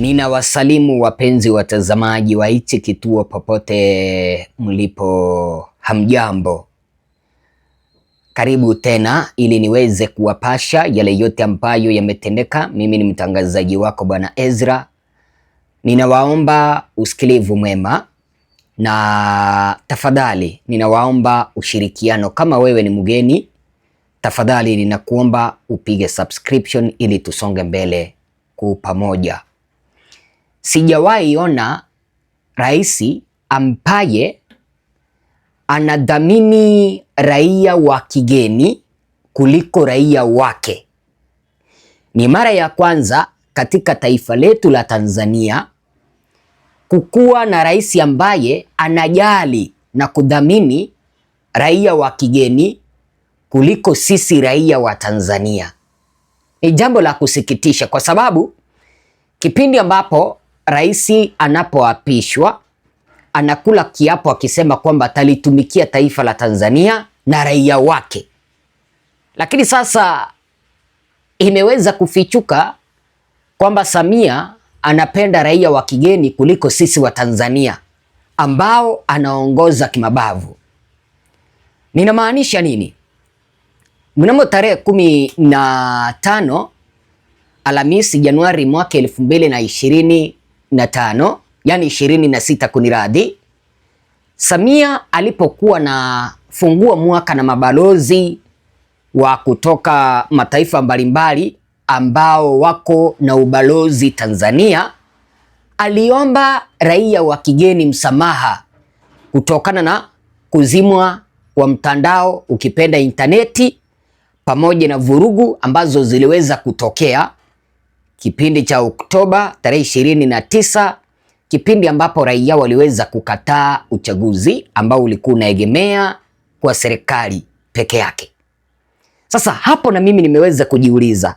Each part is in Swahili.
Ninawasalimu wapenzi watazamaji wa hichi kituo popote mlipo, hamjambo. Karibu tena ili niweze kuwapasha yale yote ambayo yametendeka. Mimi ni mtangazaji wako Bwana Ezra. Ninawaomba usikilivu mwema na tafadhali, ninawaomba ushirikiano. Kama wewe ni mgeni, tafadhali ninakuomba upige subscription ili tusonge mbele kwa pamoja sijawahi ona rais ambaye anadhamini raia wa kigeni kuliko raia wake. Ni mara ya kwanza katika taifa letu la Tanzania kukuwa na rais ambaye anajali na kudhamini raia wa kigeni kuliko sisi raia wa Tanzania. Ni jambo la kusikitisha kwa sababu kipindi ambapo rais anapoapishwa anakula kiapo akisema kwamba atalitumikia taifa la Tanzania na raia wake, lakini sasa imeweza kufichuka kwamba Samia anapenda raia wa kigeni kuliko sisi wa Tanzania ambao anaongoza kimabavu. Ninamaanisha nini? Mnamo tarehe kumi na tano Alhamisi Januari mwaka elfu mbili na ishirini na tano yani ishirini na sita kuniradhi. Samia alipokuwa na fungua mwaka na mabalozi wa kutoka mataifa mbalimbali ambao wako na ubalozi Tanzania, aliomba raia wa kigeni msamaha kutokana na kuzimwa kwa mtandao ukipenda intaneti pamoja na vurugu ambazo ziliweza kutokea kipindi cha Oktoba tarehe ishirini na tisa, kipindi ambapo raia waliweza kukataa uchaguzi ambao ulikuwa unaegemea kwa serikali peke yake. Sasa hapo na mimi nimeweza kujiuliza,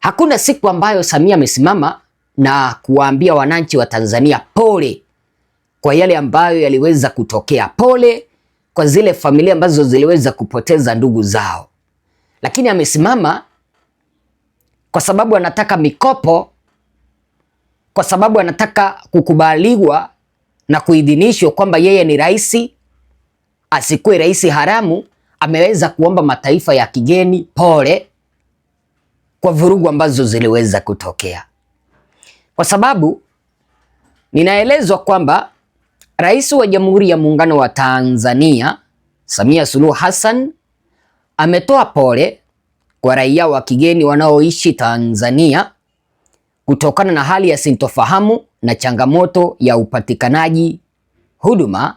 hakuna siku ambayo Samia amesimama na kuwaambia wananchi wa Tanzania pole kwa yale ambayo yaliweza kutokea, pole kwa zile familia ambazo ziliweza kupoteza ndugu zao, lakini amesimama kwa sababu anataka mikopo, kwa sababu anataka kukubaliwa na kuidhinishwa kwamba yeye ni rais, asikuwe rais haramu. Ameweza kuomba mataifa ya kigeni pole kwa vurugu ambazo ziliweza kutokea, kwa sababu ninaelezwa kwamba rais wa Jamhuri ya Muungano wa Tanzania Samia Suluhu Hassan ametoa pole kwa raia wa kigeni wanaoishi Tanzania kutokana na hali ya sintofahamu na changamoto ya upatikanaji huduma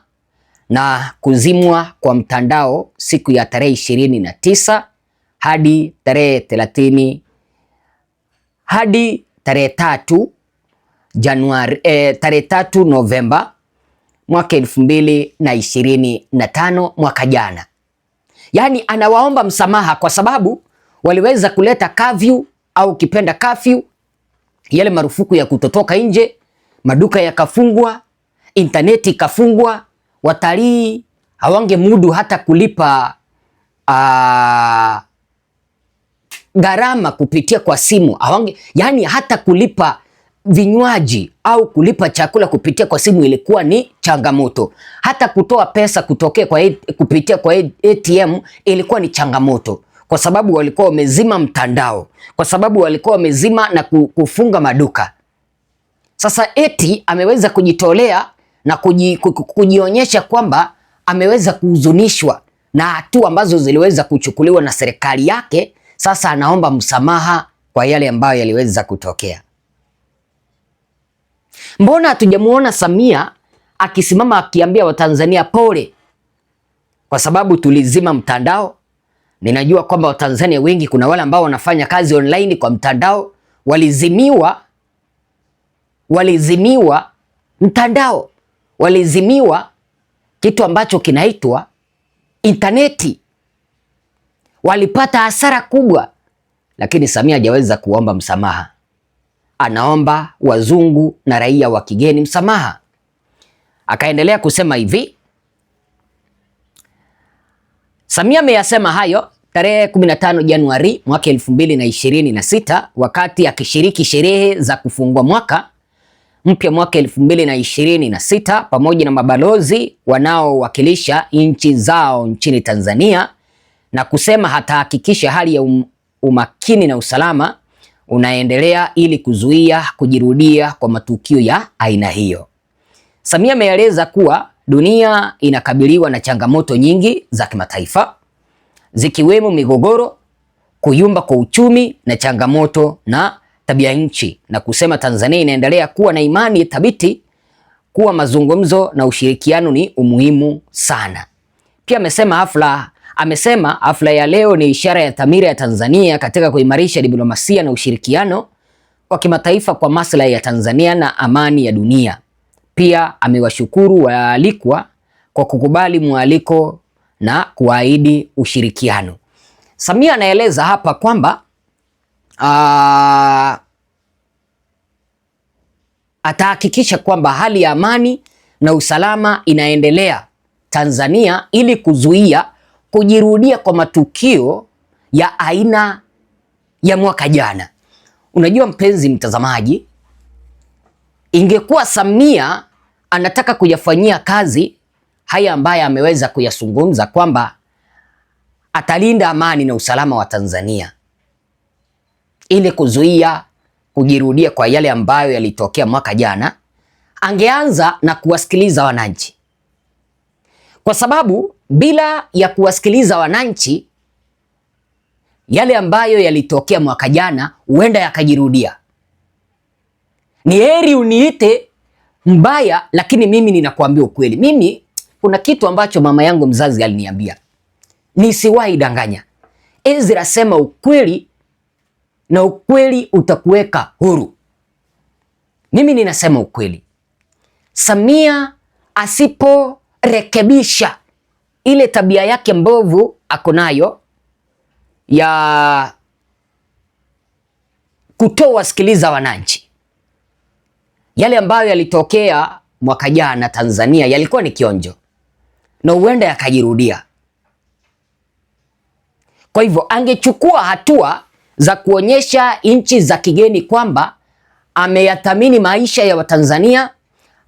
na kuzimwa kwa mtandao siku ya tarehe 29 tisa hadi tarehe 30 hadi tarehe tatu Januari eh, tarehe tatu Novemba mwaka elfu mbili na ishirini na tano mwaka jana. Yaani anawaomba msamaha kwa sababu waliweza kuleta kafyu au kipenda kafyu, yale marufuku ya kutotoka nje, maduka yakafungwa, intaneti ikafungwa, watalii hawange mudu hata kulipa ah, gharama kupitia kwa simu hawange, yani hata kulipa vinywaji au kulipa chakula kupitia kwa simu ilikuwa ni changamoto. Hata kutoa pesa kutokea kwa kupitia kwa ATM ilikuwa ni changamoto kwa sababu walikuwa wamezima mtandao, kwa sababu walikuwa wamezima na kufunga maduka. Sasa eti ameweza kujitolea na kuji, kujionyesha kwamba ameweza kuhuzunishwa na hatua ambazo ziliweza kuchukuliwa na serikali yake. Sasa anaomba msamaha kwa yale ambayo yaliweza kutokea. Mbona hatujamuona Samia akisimama akiambia Watanzania pole kwa sababu tulizima mtandao? Ninajua kwamba Watanzania wengi kuna wale ambao wanafanya kazi online kwa mtandao walizimiwa, walizimiwa mtandao, walizimiwa kitu ambacho kinaitwa intaneti, walipata hasara kubwa, lakini Samia hajaweza kuomba msamaha. Anaomba wazungu na raia wa kigeni msamaha. Akaendelea kusema hivi Samia ameyasema hayo tarehe 15 Januari mwaka 2026 wakati akishiriki sherehe za kufungua mwaka mpya mwaka 2026 pamoja na mabalozi wanaowakilisha nchi zao nchini Tanzania na kusema hatahakikisha hali ya um, umakini na usalama unaendelea ili kuzuia kujirudia kwa matukio ya aina hiyo. Samia ameeleza kuwa Dunia inakabiliwa na changamoto nyingi za kimataifa zikiwemo migogoro, kuyumba kwa uchumi na changamoto na tabia nchi, na kusema Tanzania inaendelea kuwa na imani thabiti kuwa mazungumzo na ushirikiano ni umuhimu sana. Pia amesema hafla amesema hafla ya leo ni ishara ya dhamira ya Tanzania katika kuimarisha diplomasia na ushirikiano wa kimataifa kwa maslahi ya Tanzania na amani ya dunia. Pia amewashukuru waalikwa kwa kukubali mwaliko na kuahidi ushirikiano. Samia anaeleza hapa kwamba atahakikisha kwamba hali ya amani na usalama inaendelea Tanzania ili kuzuia kujirudia kwa matukio ya aina ya mwaka jana. Unajua mpenzi mtazamaji, ingekuwa Samia anataka kuyafanyia kazi haya ambaye ameweza kuyazungumza kwamba atalinda amani na usalama wa Tanzania ili kuzuia kujirudia kwa yale ambayo yalitokea mwaka jana, angeanza na kuwasikiliza wananchi, kwa sababu bila ya kuwasikiliza wananchi yale ambayo yalitokea mwaka jana huenda yakajirudia. Ni heri uniite mbaya, lakini mimi ninakuambia ukweli. Mimi kuna kitu ambacho mama yangu mzazi aliniambia nisiwahi danganya. Ezra, sema ukweli na ukweli utakuweka huru. Mimi ninasema ukweli. Samia asiporekebisha ile tabia yake mbovu ako nayo ya kutowasikiliza wananchi, yale ambayo yalitokea mwaka jana Tanzania yalikuwa ni kionjo na huenda yakajirudia. Kwa hivyo angechukua hatua za kuonyesha nchi za kigeni kwamba ameyathamini maisha ya Watanzania,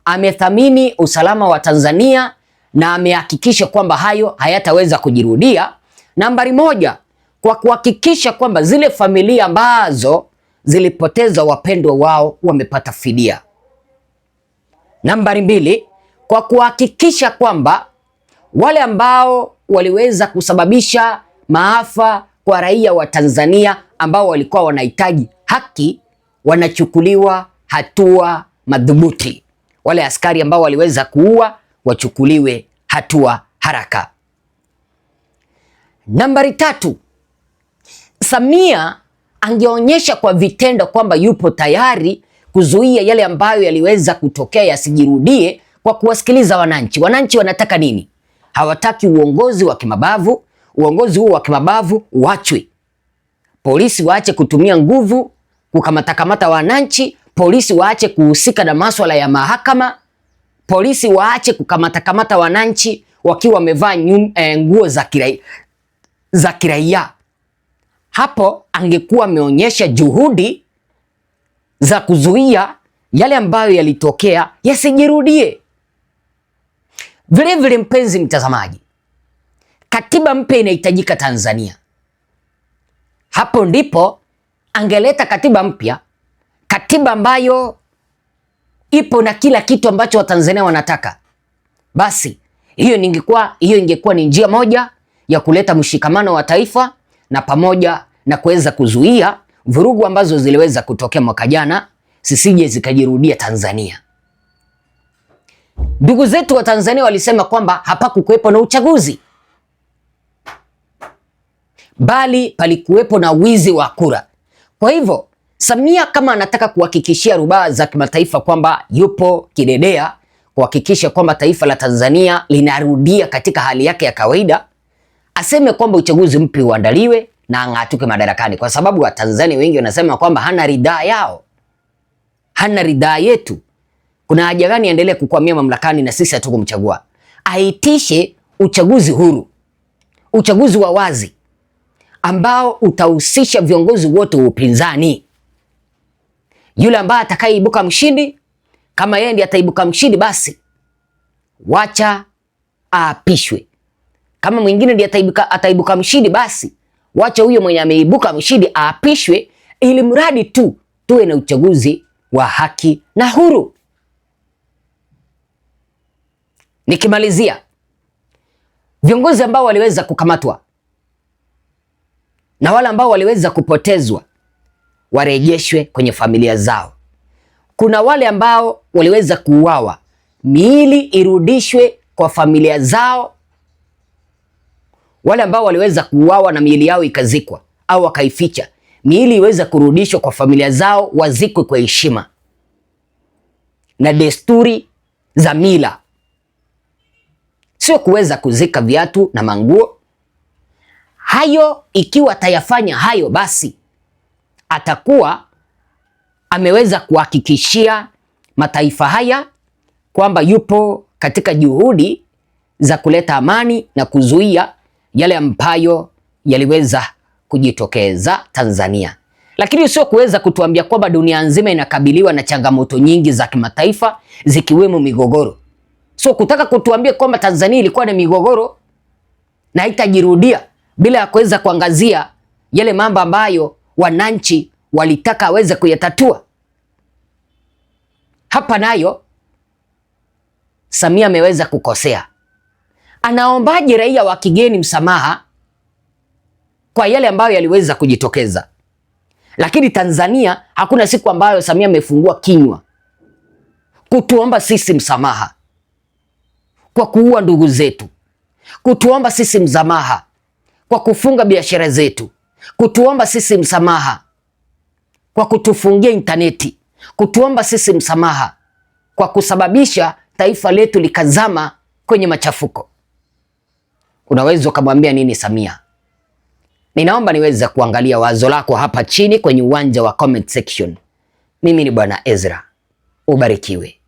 amethamini usalama wa Tanzania na amehakikisha kwamba hayo hayataweza kujirudia. Nambari moja, kwa kuhakikisha kwamba zile familia ambazo zilipoteza wapendwa wao wamepata fidia. Nambari mbili, kwa kuhakikisha kwamba wale ambao waliweza kusababisha maafa kwa raia wa Tanzania ambao walikuwa wanahitaji haki wanachukuliwa hatua madhubuti. Wale askari ambao waliweza kuua wachukuliwe hatua haraka. Nambari tatu, Samia angeonyesha kwa vitendo kwamba yupo tayari kuzuia yale ambayo yaliweza kutokea yasijirudie kwa kuwasikiliza wananchi. Wananchi wanataka nini? Hawataki uongozi wa kimabavu. Uongozi huo wa kimabavu uachwe. Polisi waache kutumia nguvu kukamatakamata wananchi. Polisi waache kuhusika na masuala ya mahakama. Polisi waache kukamatakamata wananchi wakiwa wamevaa eh, nguo za kiraia za kiraia. Hapo angekuwa ameonyesha juhudi za kuzuia yale ambayo yalitokea yasijirudie. Vilevile mpenzi mtazamaji, katiba mpya inahitajika Tanzania. Hapo ndipo angeleta katiba mpya, katiba ambayo ipo na kila kitu ambacho Watanzania wanataka, basi hiyo ningekuwa hiyo ingekuwa ni njia moja ya kuleta mshikamano wa taifa na pamoja na kuweza kuzuia vurugu ambazo ziliweza kutokea mwaka jana zisije zikajirudia Tanzania. Ndugu zetu wa Tanzania walisema kwamba hapakukuwepo na uchaguzi, bali palikuwepo na wizi wa kura. Kwa hivyo Samia kama anataka kuhakikishia rubaa za kimataifa kwamba yupo kidedea kuhakikisha kwamba taifa la Tanzania linarudia katika hali yake ya kawaida, aseme kwamba uchaguzi mpya uandaliwe na ang'atuke madarakani, kwa sababu Watanzania wengi wanasema kwamba hana ridhaa yao, hana ridhaa yetu. Kuna haja gani aendelee kukwamia mamlakani na sisi hatukumchagua? Aitishe uchaguzi huru, uchaguzi wa wazi ambao utahusisha viongozi wote wa upinzani. Yule ambaye atakayeibuka mshindi, kama yeye ndiye ataibuka mshindi, basi wacha aapishwe. Kama mwingine ndiye ataibuka, ataibuka mshindi, basi Wacha huyo mwenye ameibuka mshindi aapishwe, ili mradi tu tuwe na uchaguzi wa haki na huru. Nikimalizia, viongozi ambao waliweza kukamatwa na wale ambao waliweza kupotezwa warejeshwe kwenye familia zao. Kuna wale ambao waliweza kuuawa, miili irudishwe kwa familia zao wale ambao waliweza kuuawa na miili yao ikazikwa au wakaificha, miili iweze kurudishwa kwa familia zao, wazikwe kwa heshima na desturi za mila, sio kuweza kuzika viatu na manguo. Hayo ikiwa atayafanya hayo, basi atakuwa ameweza kuhakikishia mataifa haya kwamba yupo katika juhudi za kuleta amani na kuzuia yale ambayo yaliweza kujitokeza Tanzania, lakini sio kuweza kutuambia kwamba dunia nzima inakabiliwa na changamoto nyingi za kimataifa zikiwemo migogoro. So kutaka kutuambia kwamba Tanzania ilikuwa na migogoro na haitajirudia bila ya kuweza kuangazia yale mambo ambayo wananchi walitaka aweze kuyatatua. Hapa nayo Samia ameweza kukosea anaombaje raia wa kigeni msamaha kwa yale ambayo yaliweza kujitokeza? Lakini Tanzania hakuna siku ambayo Samia amefungua kinywa kutuomba sisi msamaha kwa kuua ndugu zetu, kutuomba sisi msamaha kwa kufunga biashara zetu, kutuomba sisi msamaha kwa kutufungia intaneti, kutuomba sisi msamaha kwa kusababisha taifa letu likazama kwenye machafuko unaweza ukamwambia nini Samia? Ninaomba niweze kuangalia wazo lako hapa chini kwenye uwanja wa comment section. Mimi ni Bwana Ezra, ubarikiwe.